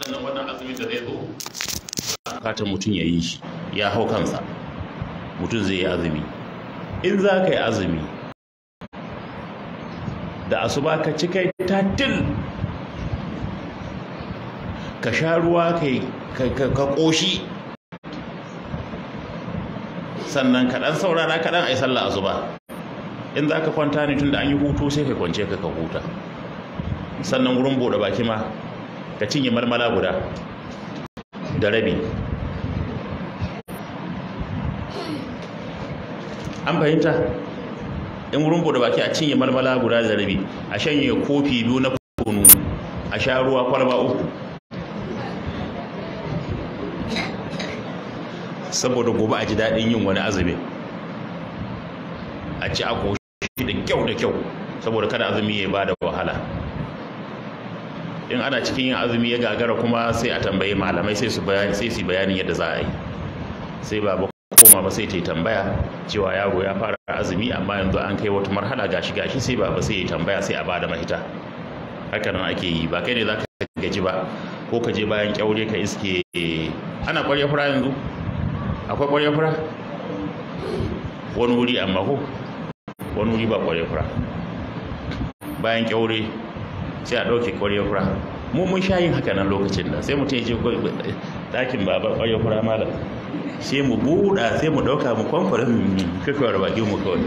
sannan wannan azumin da zai zo bukatar mutum ya yi shi ya hau kansa mutum zai yi azumi in za ka yi azumi da asuba ka ci kai tatil ka sha ruwa ka koshi. sannan ka ɗan saurara ka ɗan a yi sallah asuba in za ka kwanta ne tun da an yi hutu sai ka kwance ka ka huta sannan wurin buɗe baki ma ka cinye malmala guda da rabi an fahimta in wurin bude baki a cinye malmala guda da rabi a shanye kofi biyu na kunu a sha ruwa kwalba uku saboda gobe a ji daɗin yin wani azumi a ci a koshi da kyau da kyau saboda kada azumi ya ba da wahala in ana cikin yin azumi ya gagara kuma sai a tambayi malamai sai su bayani sai su bayanin yadda za a yi sai baba koma ba sai ta yi tambaya cewa yaro ya fara azumi amma yanzu an kai wata marhala gashi gashi sai baba sai ya tambaya sai a bada mahita haka nan ake yi ba kai ne za ka gaji ba ko ka je bayan kyaure ka iske ana kwarya fura yanzu akwai kwarya fura wani wuri amma ko wani wuri ba kwarya fura bayan kyaure sai a ɗauke ƙwarya fura mu mun sha yin haka nan lokacin da sai mutum ya je ɗakin baba ƙwarya fura malam sai mu buɗa sai mu ɗauka mu kwamfara kakwar bakin mu kawai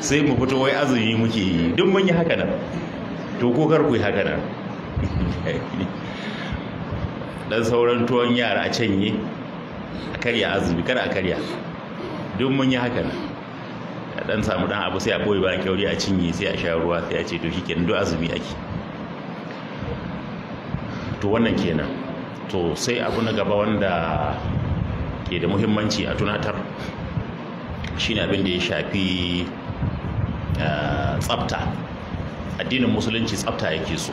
sai mu fito wai azumi muke yi duk mun yi haka nan to ko kar ku yi haka nan dan sauran tuwon yara a canye a karya azumi kar a karya duk mun yi haka nan a dan samu dan abu sai a boye bayan kyauri a cinye sai a sha ruwa sai a ce to shikenan duk azumi ake to wannan kenan to sai abu na gaba wanda ke da muhimmanci a tunatar shine abin da ya shafi eh, tsafta addinin musulunci tsafta yake so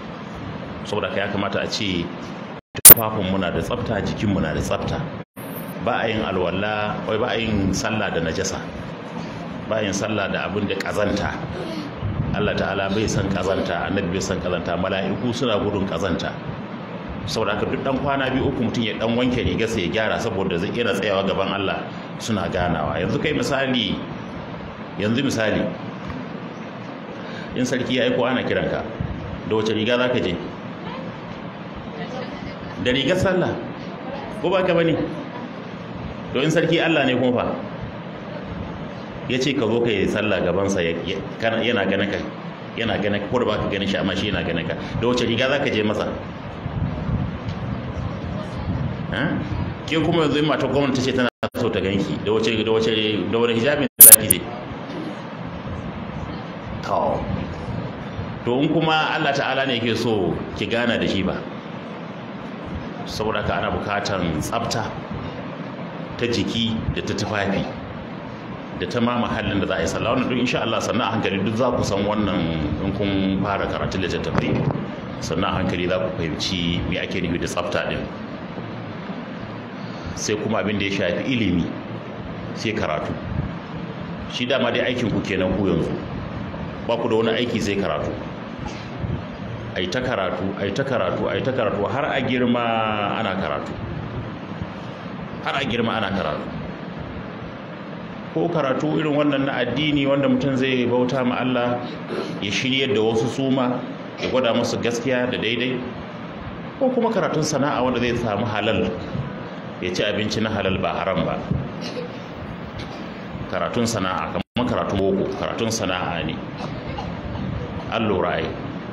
saboda ya kamata a ce tufafin muna da tsafta jikin muna da tsafta ba a yin alwala ba a yin sallah da najasa bayan sallah da abin da kazanta Allah ta'ala bai san kazanta annabi bai san kazanta mala'iku suna gudun kazanta saboda haka duk dan kwana biyu uku mutum ya dan wanke riga sai ya gyara saboda zai iya tsayawa gaban Allah suna ganawa yanzu kai misali yanzu misali in sarki ya aiko ana kiranka da wace riga za ka je da rigar sallah ko ba ka bane to in sarki Allah ne kuma fa ya ce ka zo ka yi sallah gabansa yana gane ka yana gane ka ko da ba ka gani shi amma shi yana gane ka da wace riga za ka je masa ke kuma yanzu in mata gwamnati ta ce tana so ta ganki da wace da wace da wani hijabi za ki je to to in kuma Allah ta'ala ne yake so ki gana da shi ba saboda ka ana bukatan tsafta ta jiki da ta tufafi da ta ma mahallin da za a yi sallah wannan duk insha Allah sannan a hankali duk za ku san wannan in kun fara karatu littattafai sannan a hankali za ku fahimci me ake nufi da tsafta din sai kuma abin da ya shafi ilimi sai karatu shi dama dai aikin ku kenan ku yanzu ba ku da wani aiki sai karatu ai ta karatu ai ta karatu ai ta karatu har a girma ana karatu har a girma ana karatu ko karatu irin wannan na addini wanda mutum zai bauta ma Allah ya shirya da wasu suma ya gwada musu gaskiya da daidai ko kuma karatun sana'a wanda zai samu halal ya ci abinci na halal ba haram ba karatun sana'a kamar karatun boko karatun sana'a ne an lura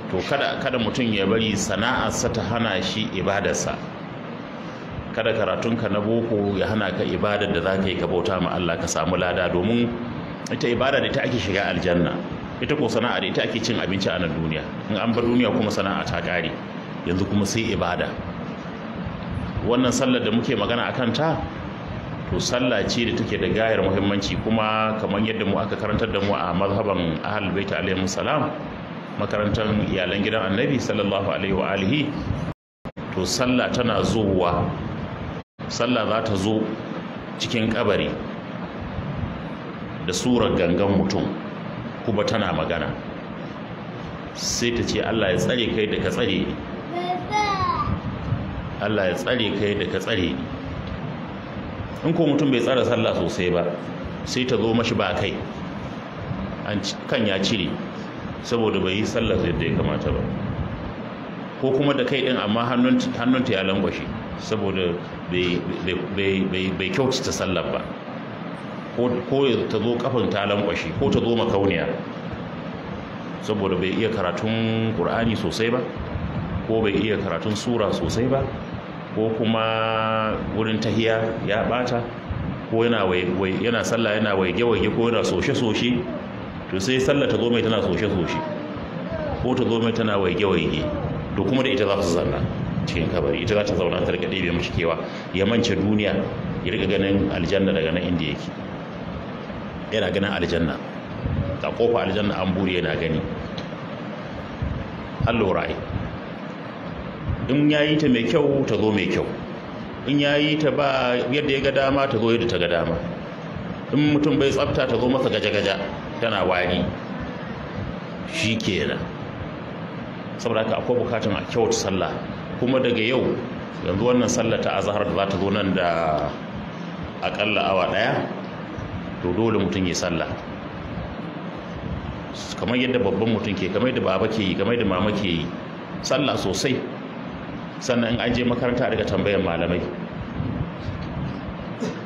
to kada kada mutum ya bari sana'arsa ta hana shi ibadarsa kada karatunka na boko ya hana ka ibadar da za ka yi ka bauta ma Allah ka samu lada domin ita ibada da ita ake shiga aljanna ita ko sana'a da ita ake cin abinci a nan duniya in an bar duniya kuma sana'a ta kare yanzu kuma sai ibada wannan sallar da muke magana a ta to sallah ce da take da gayar muhimmanci kuma kamar yadda mu aka karantar da mu a mazhaban ahlul bait alaihi salam makarantar iyalan gidan annabi sallallahu alaihi wa alihi to sallah tana zuwa sallah za ta zo cikin kabari da surar gangan mutum kuma tana magana sai ta ce Allah ya tsare kai da ka tsare Allah ya tsare kai da ka tsare in ko mutum bai tsara sallah sosai ba sai ta zo mashi ba kai an kan ya cire saboda bai yi sallah yadda ya kamata ba ko kuma da kai din amma hannunta ya langwashe saboda bai kyautata sallar ba ko ta zo kafin ta lankwashe ko ta zo makauniya saboda bai iya karatun ƙur'ani sosai ba ko bai iya karatun sura sosai ba ko kuma wurin tahiya ya bata ko yana yana sallah yana waige-waige ko yana soshe-soshe to sai sallah ta zo mai tana soshe-soshe ko ta zo mai tana waige-waige to kuma da ita za su zanna cikin kabari ita za ta zauna ta rika ɗebe mashi kewa ya mance duniya ya rika ganin aljanna daga nan inda yake yana ganin aljanna ta kofa aljanna an buri yana gani an lura in ya yi ta mai kyau ta zo mai kyau in ya yi ta ba yadda ya ga dama ta zo yadda ta ga dama in mutum bai tsafta ta zo masa gaja-gaja tana wari shi kenan saboda haka akwai bukatun a kyautu sallah kuma daga yau yanzu wannan sallah ta azhar za ta zo nan da akalla awa daya to dole mutum ya sallah kamar yadda babban mutum ke kamar yadda baba ke yi kamar yadda mama ke yi sallah sosai sannan in an je makaranta daga tambayan malamai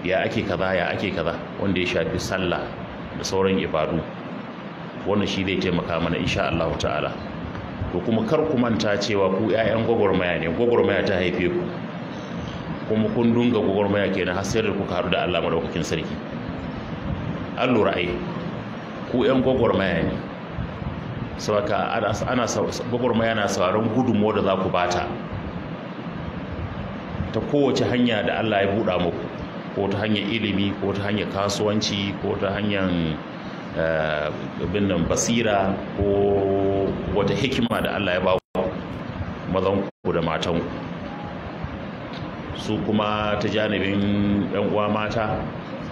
ya ake kaza ya ake kaza wanda ya shafi sallah da sauran ibadu wannan shi zai taimaka mana insha Allah ta'ala to kuma kar ku manta cewa ku ƴaƴan gwagwarmaya ne gwagwarmaya ta haife ku kuma kun dunga gwagwarmaya kenan har sai da kuka haɗu da Allah madaukakin sarki an lura ai ku ƴan gwagwarmaya ne saboda ana gwagwarmaya na sauraron gudumo da za ku bata ta kowace hanya da Allah ya buɗa muku ko ta hanyar ilimi ko ta hanyar kasuwanci ko ta hanyar Eh, binnan basira ko wata hikima da Allah ya ba ku da matanku su kuma ta janibin yan uwa mata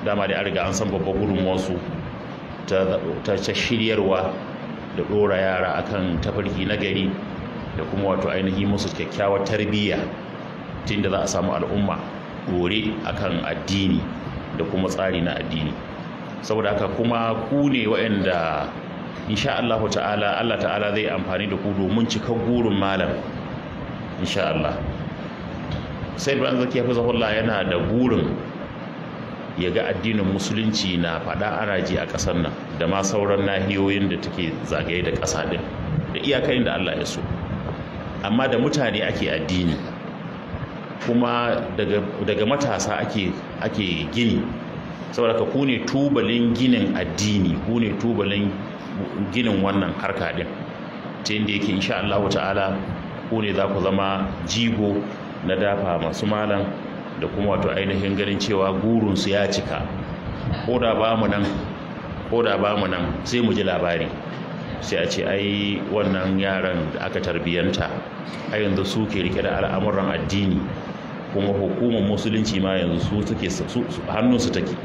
dama da an riga an san babbar su ta ta shiryarwa da ɗora yara akan tafarki na gari da kuma wato ainihi musu kyakkyawar tarbiyya tun za a samu al'umma gore akan addini da kuma tsari na addini saboda haka kuma ku ne waɗanda insha Allah ta'ala Allah ta'ala zai amfani da ku domin cika gurin malam insha Allah sai ban zaki ya Allah yana da gurin ya ga addinin musulunci na faɗa araji a ƙasar nan da ma sauran nahiyoyin da take zagaye da ƙasa ɗin da iyakarin da Allah ya so amma da mutane ake addini kuma daga matasa ake gini saboda ka ku ne tubalin ginin addini ku ne tubalin ginin wannan harka din ta yadda yake insha Allah ta'ala ku ne za ku zama jigo na dafa masu malam da kuma wato ainihin ganin cewa gurinsu ya cika ko da ba mu nan ko da ba mu nan sai mu ji labari sai a ce ai wannan yaran da aka tarbiyyanta a yanzu su ke rike da al'amuran addini kuma hukumar musulunci ma yanzu su take hannunsu take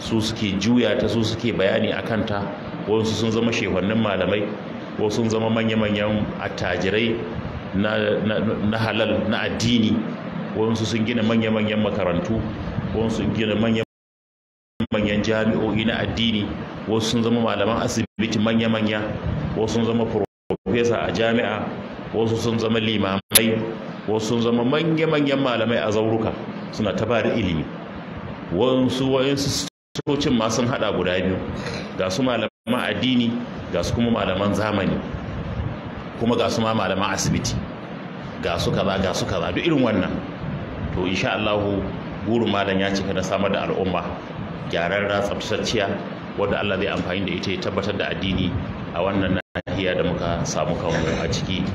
su suke juya ta su suke bayani a kanta wasu sun zama shehunan malamai wasu sun zama manya-manyan attajirai na halal na addini wasu sun gina manya-manyan makarantu wasu sun gina manya-manyan jami'o'i na addini wasu sun zama malaman asibiti manya-manya wasu sun zama profesa a jami'a wasu sun zama limamai wasu sun zama manya-manyan malamai a zauruka suna ta ilimi wasu wa'insu sokocin ma sun hada guda biyu ga su malaman addini ga su kuma malaman zamani kuma ga su ma malaman asibiti ga su kaza ga su kaza duk irin wannan to insha Allah burin malam ya cika na samar da al'umma gyararra tsabtacciya wanda Allah zai amfani da ita ya tabbatar da addini a wannan nahiya da muka samu kanmu a ciki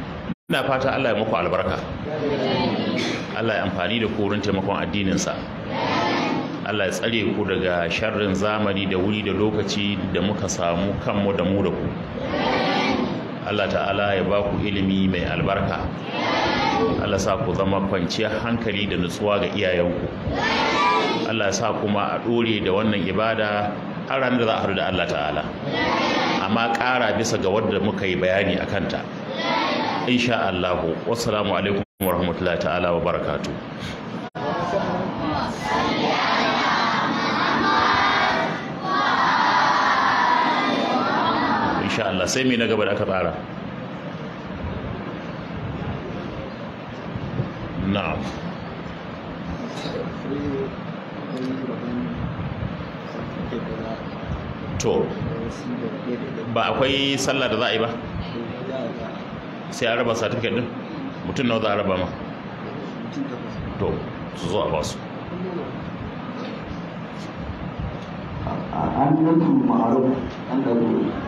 ina fata Allah ya muku albarka Allah ya amfani da kurin wurin taimakon addininsa Allah ya tsare ku daga sharrin zamani da wuri da lokaci da muka samu kanmu da mu da ku Allah ta'ala ya ba ku ilimi mai albarka Allah sa ku zama kwanciyar hankali da nutsuwa ga iyayenku Allah sa kuma a ɗore da wannan ibada har ranar da za a haɗu da Allah ta'ala amma ƙara bisa ga wadda muka yi bayani a kanta insha Allah wasu alaikum rahmatullahi ta'ala wa barakatu. Allah sai mai na gaba da aka tsara na'am to ba akwai sallah da za a yi ba sai a raba certificate din mutum nawa za a raba ma to su zo a ba su an yanzu ma'aruf an da